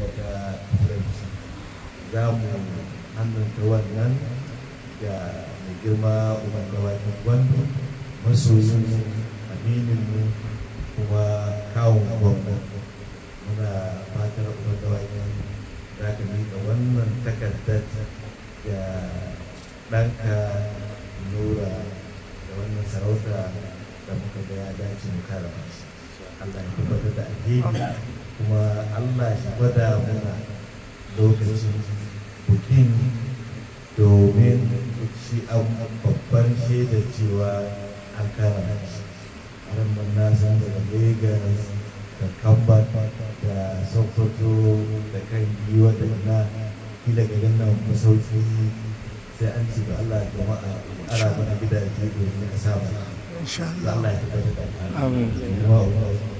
daga turanci za mu hannunta wannan ga mai girma umar dawakin gwamna masoyin aminin mu kuma kawon gwamna muna fatar umar dawakin za ka miƙa wannan takardar ga ɗanka nura da wannan sarauta da muka ga ya dace mu kara Allah ya tabbatar da alheri kuma allah ya gwada mana lokacin bukin domin shi abu babban da cewa an kara shi nan na san daga lagos da kambar da sokoto da kan yi na kila ga nan masauki sai an ci da allah jama'a ara mana gidaje domin a sa Allah ya tabbatar da kuma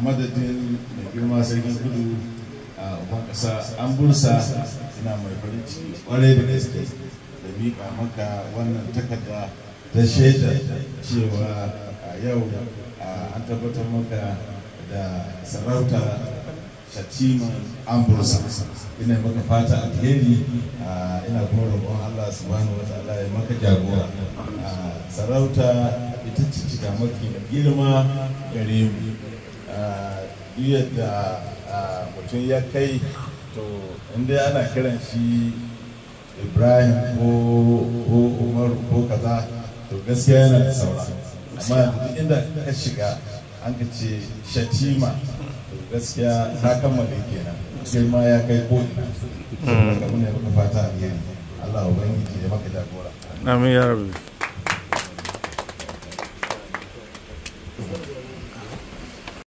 madadin da girma sarkin kudu a uban ƙasa an bursa ina mai farin ciki kwarai da gaske da miƙa maka wannan takarda ta shaida cewa a yau an tabbatar maka da sarauta shatiman an bursa ina maka fata a alheri ina kuma roƙon Allah subhanahu wa ta'ala ya maka jagora sarauta ita ce cika maki girma gare mu duk da mutum ya kai to inda ana kiran shi ibrahim ko umaru ko kaza to gaskiya yana da saura amma duk inda ka shiga an ka ce shatima to gaskiya ta kammala kenan girma ya kai ko ina saboda hmm. ka muna maka fata alheri Allah ubangiji ya maka jagora amin ya rabbi